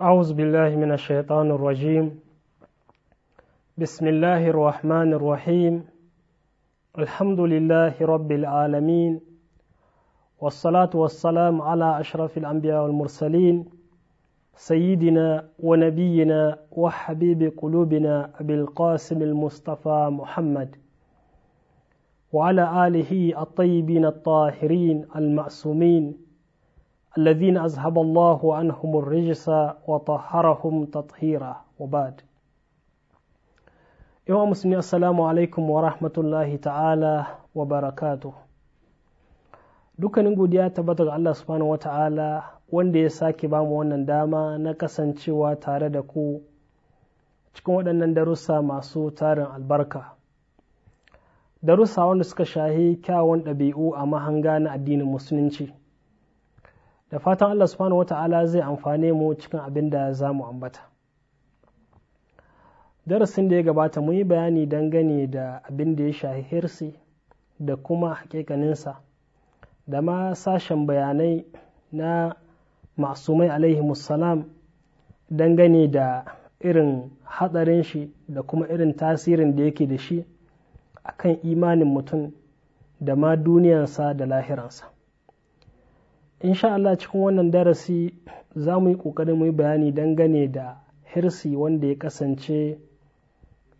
أعوذ بالله من الشيطان الرجيم بسم الله الرحمن الرحيم الحمد لله رب العالمين والصلاة والسلام على أشرف الأنبياء والمرسلين سيدنا ونبينا وحبيب قلوبنا أبي القاسم المصطفى محمد وعلى آله الطيبين الطاهرين المعصومين الذين أذهب الله عنهم الرجس وطهرهم تطهيرا وبعد يوم مسلمين السلام عليكم ورحمة الله تعالى وبركاته dukkanin godiya tabbatar Allah subhanahu wa ta'ala wanda ya sake ba mu wannan dama na kasancewa tare da ku cikin waɗannan darussa masu tarin albarka darussa wanda suka shahi kyawun ɗabi'u a mahanga na addinin musulunci da fatan Allah subhanahu wata'ala zai amfane mu cikin abin da za mu ambata darasin da ya gabata mu yi bayani dangane da abin da ya shahi hirsi da kuma hakikaninsa da ma sashen bayanai na masumai alaihi don dangane da irin hatsarin shi da kuma irin tasirin da yake da shi akan imanin mutum da ma duniyansa da lahiransa insha Allah cikin wannan darasi za mu yi ƙoƙarin mu yi bayani dangane da hirsi wanda ya kasance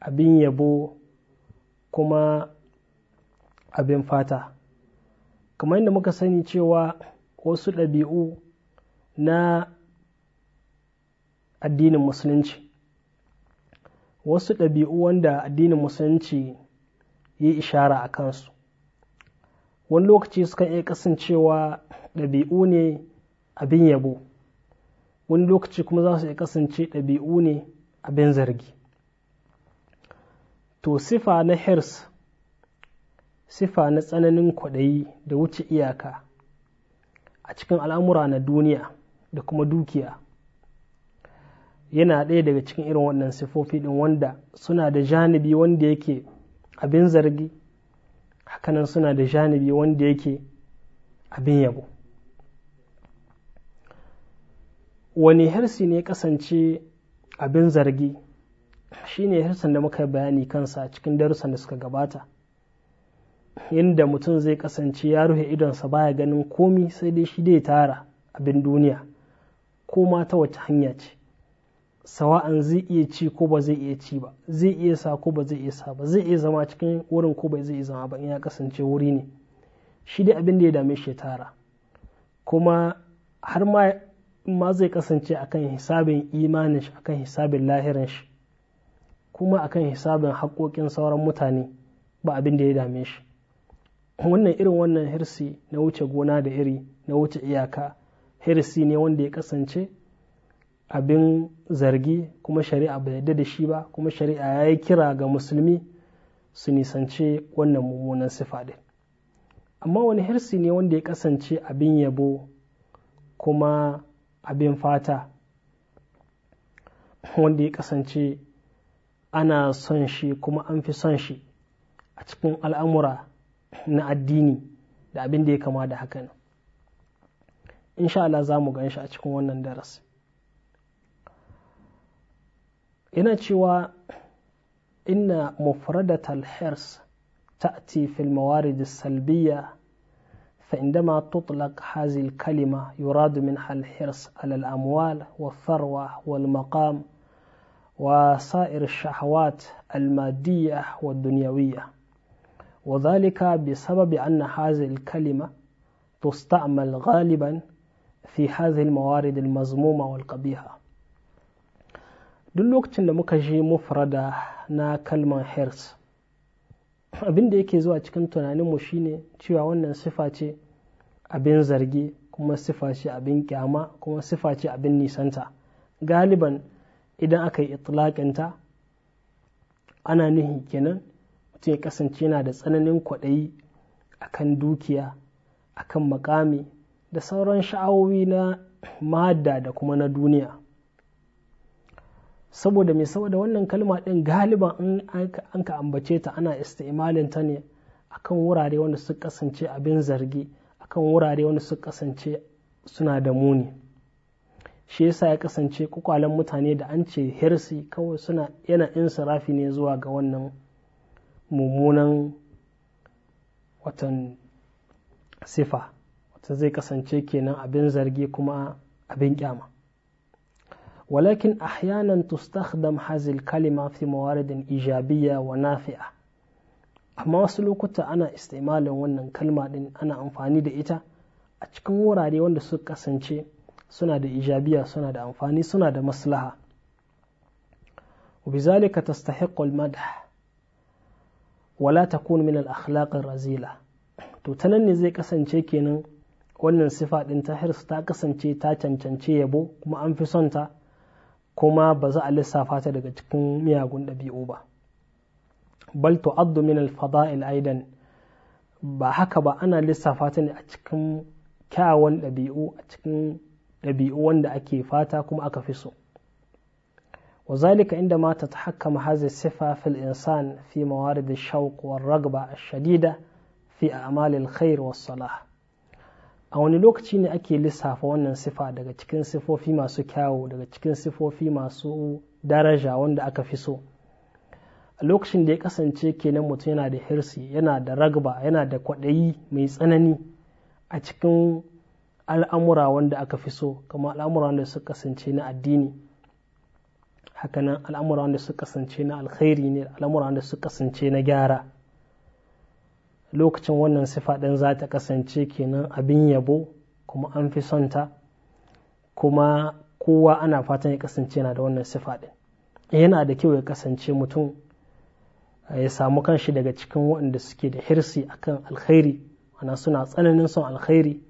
abin yabo kuma abin fata kamar yadda muka sani cewa wasu ɗabi'u na addinin musulunci wasu ɗabi'u wanda addinin musulunci yi ishara a kansu wani lokaci sukan iya kasancewa ɗabi'u ne abin yabo wani lokaci kuma za su iya kasance ɗabi'u ne abin zargi to sifa na hirs sifa na tsananin kwaɗayi da wuce iyaka a cikin al'amura na duniya da kuma dukiya yana ɗaya daga cikin irin wannan sifofi ɗin wanda suna da janibi wanda yake abin zargi hakanan suna da janibi wanda yake abin yabo wani hirsi ne kasance abin zargi shine hirsin da muka bayani kansa cikin darussan da suka gabata inda mutum zai kasance ya rufe idonsa baya ganin komi sai dai shi dai tara abin duniya ko ma ta wace hanya ce sawa'an zai iya ci ko ba zai iya ci ba zai iya sa ko ba zai iya sa ba zai iya zama cikin wurin ko ba zai iya zama ba in ya kasance wuri ne shi dai abin da ya dame shi tara kuma har ma zai kasance akan hisabin imanin shi akan hisabin lahirin shi kuma akan hisabin haƙoƙin sauran mutane ba abin da ya dame shi wannan irin wannan hirsi na wuce gona da iri na wuce iyaka hirsi ne wanda ya kasance abin zargi kuma shari'a bai yarda da shi ba kuma shari'a ya yi kira ga musulmi su nisance wannan mummunan sifa din amma wani hirsi ne wanda ya kasance abin yabo kuma abin fata wanda ya kasance ana son shi kuma an fi son shi a cikin al'amura na addini da abin da ya kama da hakan insha Allah za mu gan shi a cikin wannan darasi إن cewa inna mufradat al تأتي في الموارد السلبية فعندما تطلق هذه الكلمة يراد منها الحرص على الأموال والثروة والمقام وسائر الشهوات المادية والدنيوية وذلك بسبب أن هذه الكلمة تستعمل غالبا في هذه الموارد المذمومة والقبيحة duk lokacin da muka je mufrada na kalman hers Abinda yake zuwa cikin tunaninmu shine cewa wannan sifa ce abin zargi kuma sifa ce abin kyama kuma sifa ce abin nisanta galiban idan aka yi itlaƙinta ana nuhi kenan mutum ya kasance yana da tsananin kwaɗayi akan dukiya akan makami da sauran sha'awowi na mada da kuma na duniya saboda mai saboda wannan kalma ɗin galiban an ka ambace ta ana istimalin ta ne akan wurare wanda su kasance abin zargi akan wurare wanda su kasance suna da muni shi yasa ya kasance kwakwalen mutane da an ce hirsi kawai suna yana insirafi ne zuwa ga wannan mummunan watan sifa wata zai kasance kenan abin zargi kuma abin kyama walakin ولكن أحيانا تستخدم هذه الكلمة في موارد wa nafi'a. amma wasu lokuta ana istimalin wannan kalma din ana amfani da ita a cikin wurare wanda suka kasance suna da ijabiya suna da amfani suna da maslaha وبذلك تستحق المدح ولا تكون من الأخلاق الرزيلة to ta nan ne zai kasance kenan wannan sifa ɗin ta hirsu ta kasance ta cancanci yabo kuma an fi son ta kuma ba za a lissafa ta daga cikin miyagun ɗabi'u ba bal tu'addu min al-fada'il aidan ba haka ba ana lissafa ta ne a cikin kyawan ɗabi'u a cikin ɗabi'u wanda ake fata kuma aka fi so inda وذلك عندما تتحكم هذه fi في الإنسان في موارد الشوق والرغبة fi في أعمال الخير والصلاح a wani lokaci ne ake lissafa wannan sifa daga cikin sifofi masu kyawu daga cikin sifofi masu daraja wanda aka fi so a lokacin da ya kasance kenan mutum yana da hirsi yana da ragba yana da kwaɗayi mai tsanani a cikin al'amura wanda aka fi so Kamar al'amura wanda suka kasance na addini hakanan al'amura wanda suka kasance na alkhairi ne al'amura wanda suka kasance na gyara lokacin wannan sifa ɗin za ta kasance kenan abin yabo kuma an fi son ta kuma kowa ana fatan ya kasance yana da wannan sifa ɗin yana da kyau ya kasance mutum eh, ya samu kanshi daga cikin waɗanda suke da hirsi akan alkhairi ana suna tsananin son alkhairi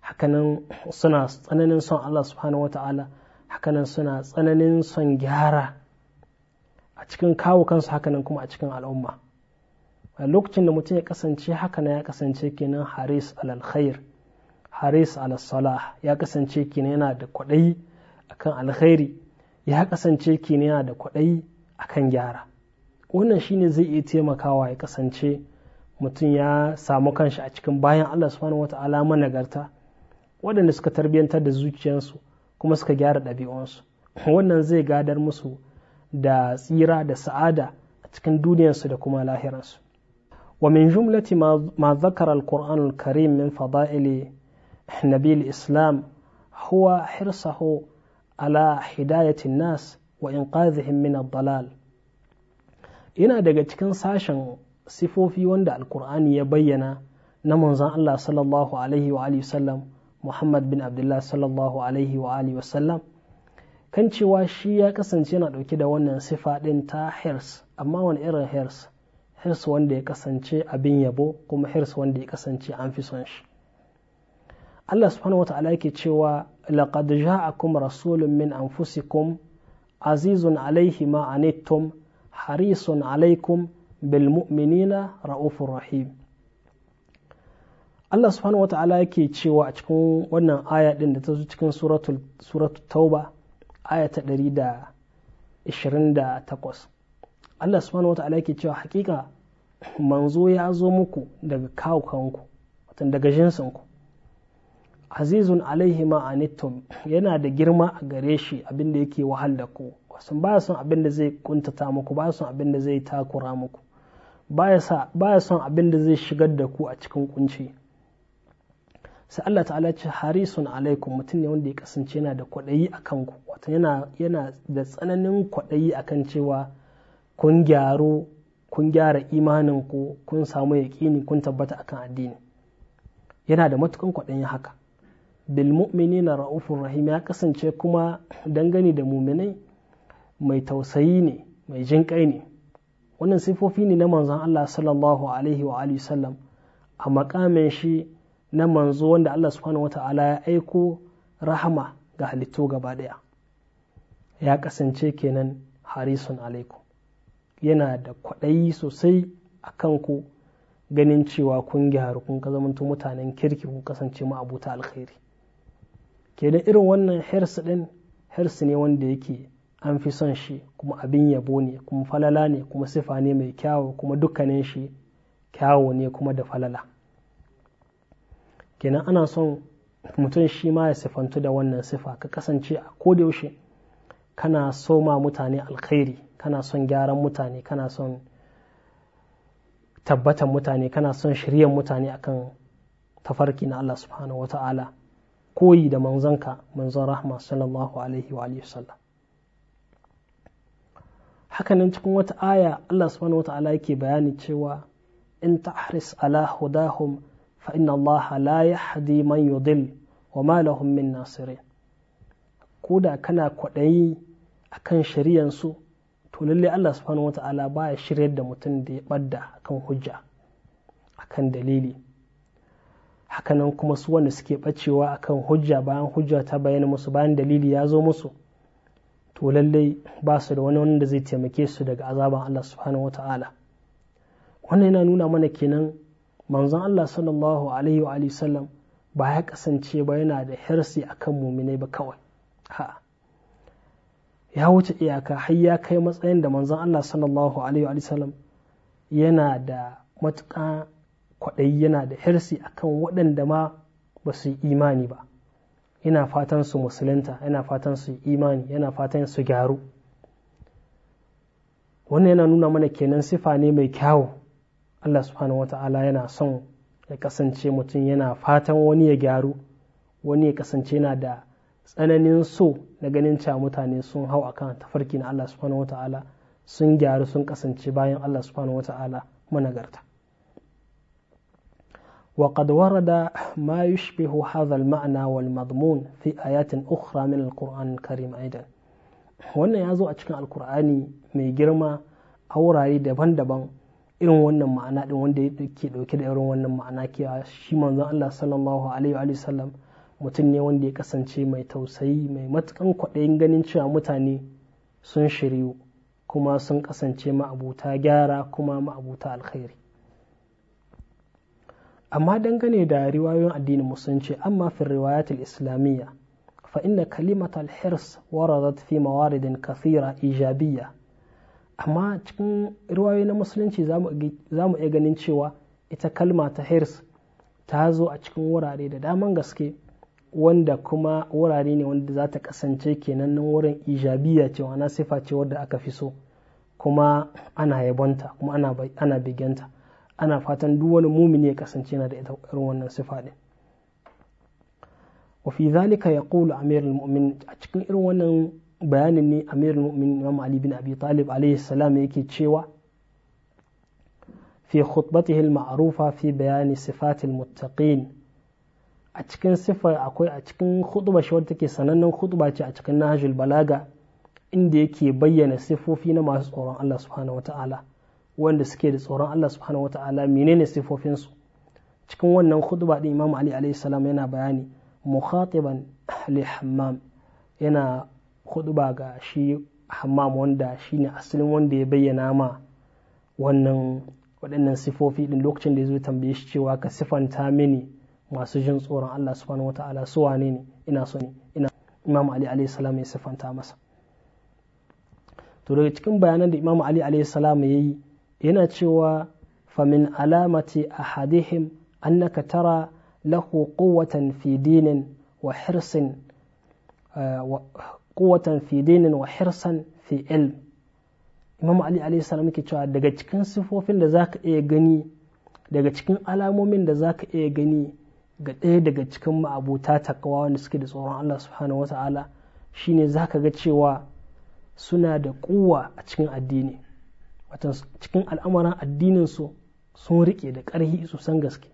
hakanan suna tsananin son Allah subhanahu wata'ala hakanan suna tsananin son gyara a cikin kawo kansu hakanan kuma a cikin al'umma a lokacin da mutum ya kasance haka na ya kasance kenan haris alalkhair haris alal ya kasance kenan yana da kwaɗayi akan alkhairi ya kasance kenan yana da kwaɗayi akan gyara wannan shine zai iya taimakawa ya kasance mutum ya samu kanshi a cikin bayan Allah subhanahu wata'ala managarta waɗanda suka tarbiyyantar da zuciyarsu kuma suka gyara ɗabi'unsu wannan zai gadar musu da tsira da sa'ada a cikin duniyarsu da kuma lahiransu ومن جملة ما ذكر القرآن الكريم من فضائل نبي الإسلام هو حرصه على هداية الناس وإنقاذهم من الضلال ina daga cikin sashen sifofi wanda alkur'ani ya bayyana na manzon Allah sallallahu alaihi wa alihi sallam Muhammad bin Abdullah sallallahu alaihi wa alihi wasallam kan cewa shi ya kasance yana dauke da wannan sifa din ta hirs amma wani irin hirs hirsu wanda ya kasance abin yabo kuma hirsu wanda ya kasance an fi son shi Allah subhanahu wa ta'ala yake cewa laqad ja'akum rasulun min anfusikum azizun alayhi ma anittum harisun alaikum bil mu'minina ra'ufur rahim Allah subhanahu wa ta'ala yake cewa a cikin wannan aya din da ta zo cikin suratul suratul tauba aya ta 128 Allah subhanahu wata'ala yake cewa hakika manzo ya zo muku daga kawukanku watan daga jinsinku azizun alaihi ma yana da girma a gare shi abin yake wahal da ku Wasu ba son abin da zai kuntata muku ba son abin da zai takura muku ba ya son abin da zai shigar da ku a cikin kunci sai Allah ta'ala ce harisun alaikum mutum ne wanda ya kasance yana da kwaɗayi a kanku Wata yana da tsananin kwaɗayi akan cewa kun gyaru kun gyara imaninku kun samu yaƙini kun tabbata akan addini yana da matukan kwaɗayin haka bil na ra'ufin rahim ya kasance kuma dangane da muminai mai tausayi ne mai jin ne wannan sifofi ne na manzon Allah sallallahu alaihi wa alihi sallam a makamin shi na manzo wanda Allah subhanahu wata'ala ya aiko rahama ga halittu gaba daya ya kasance kenan harisun alaikum yana da kwaɗayi sosai a kan ganin cewa kun gyaru kun ka zamanto mutanen kirki kun kasance ma'abuta alkhairi kenan irin wannan hirsi ɗin hirsi ne wanda yake an fi son shi kuma abin yabo ne kuma falala ne kuma sifa ne mai kyawu kuma dukkanin shi kyawu ne kuma da falala kenan ana son mutum shi ma ya sifantu da wannan sifa ka kasance a kodayaushe kana soma mutane alkhairi kana son gyaran mutane kana son tabbatan mutane kana son shiryan mutane akan tafarki na Allah subhanahu wa ta'ala koyi da manzanka manzon rahma sallallahu alaihi wa sallam hakanan cikin wata aya Allah subhanahu wa ta'ala yake bayani cewa in tahris ala hudahum fa inna Allah la yahdi man yudil wa ma lahum min nasirin ko da kana kwaɗayi akan su. to lalle Allah subhanahu wata'ala baya shiryar da mutum da ya badda kan hujja akan dalili hakanan kuma su wanda suke bacewa akan hujja bayan hujja ta bayyana musu bayan dalili ya zo musu to lalle ba su da wani wanda zai taimake su daga azaban Allah subhanahu wata'ala wannan yana nuna mana kenan manzon Allah sallallahu alaihi wa sallam ba ya kasance ba yana da hirsi akan muminai ba kawai ha ya wuce iyaka har ya kai matsayin da manzon Allah sallallahu alaihi wa sallam yana da matuƙa kwaɗayi yana da hirsi akan waɗanda ma ba su yi imani ba yana fatan su musulunta yana fatan su imani yana fatan su gyaru wannan yana nuna mana kenan sifa ne mai kyawu Allah subhanahu wata'ala yana son ya kasance mutum yana fatan wani ya gyaru wani ya kasance yana da tsananin so na ganin cewa mutane sun hau akan tafarki na Allah subhanahu wata'ala sun gyaru sun kasance bayan Allah subhanahu wata'ala managarta وقد ورد ما يشبه هذا المعنى والمضمون في آيات أخرى من القرآن karim aidan wannan ya zo a cikin alkur'ani mai girma a wurare daban-daban irin wannan ma'ana din wanda ke dauke da irin wannan ma'ana ke shi manzon Allah sallallahu alaihi wa sallam mutum ne wanda ya kasance mai tausayi mai matukan kwaɗayin ganin cewa mutane sun shiryu kuma sun kasance ma'abuta gyara kuma ma'abuta alkhairi amma dangane da riwayoyin addinin musulunci amma fi riwayatul islamiyya fa inna kalimat al-hirs waradat fi mawaridin kathira ijabiyya amma cikin riwayoyi na musulunci za mu iya ganin cewa ita kalma ta hirs ta zo a cikin wurare da daman gaske wanda kuma wurare ne wanda za ta kasance kenan nan wurin ijabiya ce wana sifa ce wadda aka fi so kuma ana yabonta kuma ana, bigenta ana fatan duk wani mumini ya kasance na da ita irin wannan sifa din wafi zalika ya kula amir mumin a cikin irin wannan bayanin ne amir mumin imam ali bin abi talib alayhi salam yake cewa fi khutbatihi ma'arufa fi bayani sifatil muttaqin a cikin sifar akwai a cikin huduba shi wadda take sanannen huduba ce a cikin nahajul balaga inda yake bayyana sifofi na masu tsoron Allah subhanahu wata'ala wanda suke da tsoron Allah subhanahu wata'ala menene sifofinsu cikin wannan huduba din Imam Ali alaihi salam yana bayani mukhatiban ahli hammam yana ba ga shi hammam wanda shine asalin wanda ya bayyana ma wannan waɗannan sifofi ɗin lokacin da ya zo tambaye shi cewa ka sifanta mini masu jin tsoron Allah subhanahu wata'ala su wane ne ina so ne ina Imam Ali alayhi salam ya sifanta masa to daga cikin bayanan da Imam Ali alayhi salam yi, yana cewa famin alamati ahadihim annaka tara lahu quwwatan fi dinin wa hirsin eh, quwwatan fi dinin wa hirsan fi ilm Imam Ali alayhi salam yake cewa daga cikin sifofin da zaka iya gani daga cikin alamomin da zaka iya gani ga ɗaya daga cikin ma'abota takawa wanda suke da tsoron Allah subhanahu wa ta'ala shine za ka ga cewa suna da kuwa a cikin addini watan cikin al'amuran addininsu sun riƙe da ƙarhi san gaske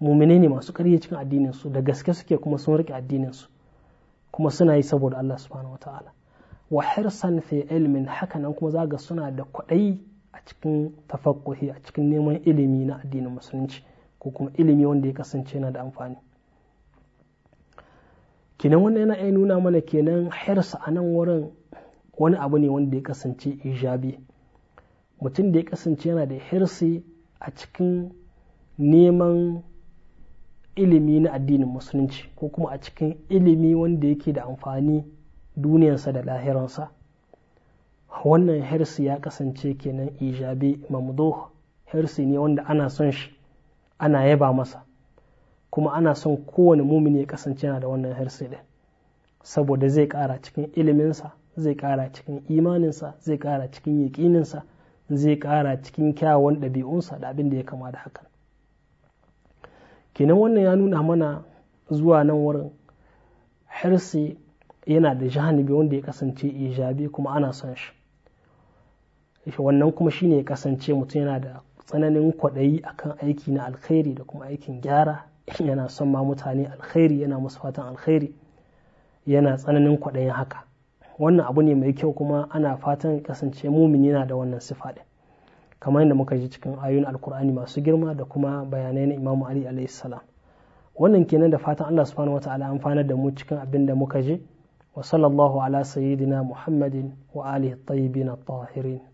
mumine ne masu ƙarhi cikin addininsu da gaske suke kuma sun riƙe addininsu kuma suna yi saboda Allah subhanahu wa ta'ala wa hirsan fi ilmin hakanan kuma za ga suna da kwaɗayi a cikin tafakkuhi a cikin neman ilimi na addinin musulunci ko kuma ilimi wanda ya kasance yana da amfani kenan wannan yana iya nuna mana kenan hirsa a nan wurin wani abu ne wanda ya kasance ijabi mutum da ya kasance yana da hirsi a cikin neman ilimi na addinin musulunci ko kuma a cikin ilimi wanda yake da amfani duniyarsa da lahiransa wannan hirsi ya kasance kenan ijabi mamdo hirsi ne wanda ana son shi ana yaba masa kuma ana son kowane mumini ya kasance yana da wannan harsi din saboda zai kara cikin iliminsa zai kara cikin imaninsa zai kara cikin yaƙininsa zai kara cikin kyawawan ɗabi'unsa da abin da ya kama da hakan kenan wannan ya nuna mana zuwa nan wurin harsi yana da jahanibi wanda ya kasance ijabi kuma ana son shi wannan kuma shine ya kasance mutum yana da tsananin kwaɗayi a kan aiki na alkhairi da kuma aikin gyara yana son ma mutane alkhairi yana musu fatan alkhairi yana tsananin kwaɗayin haka wannan abu ne mai kyau kuma ana fatan kasance mumin yana da wannan sifa ɗin kamar yadda muka ji cikin ayoyin alkur'ani masu girma da kuma bayanai na imamu ali alayhi salam wannan kenan da fatan allah subhanahu wataala amfanar da mu cikin abin da muka ji wa sallallahu ala sayyidina muhammadin wa alihi tayyibin tahirin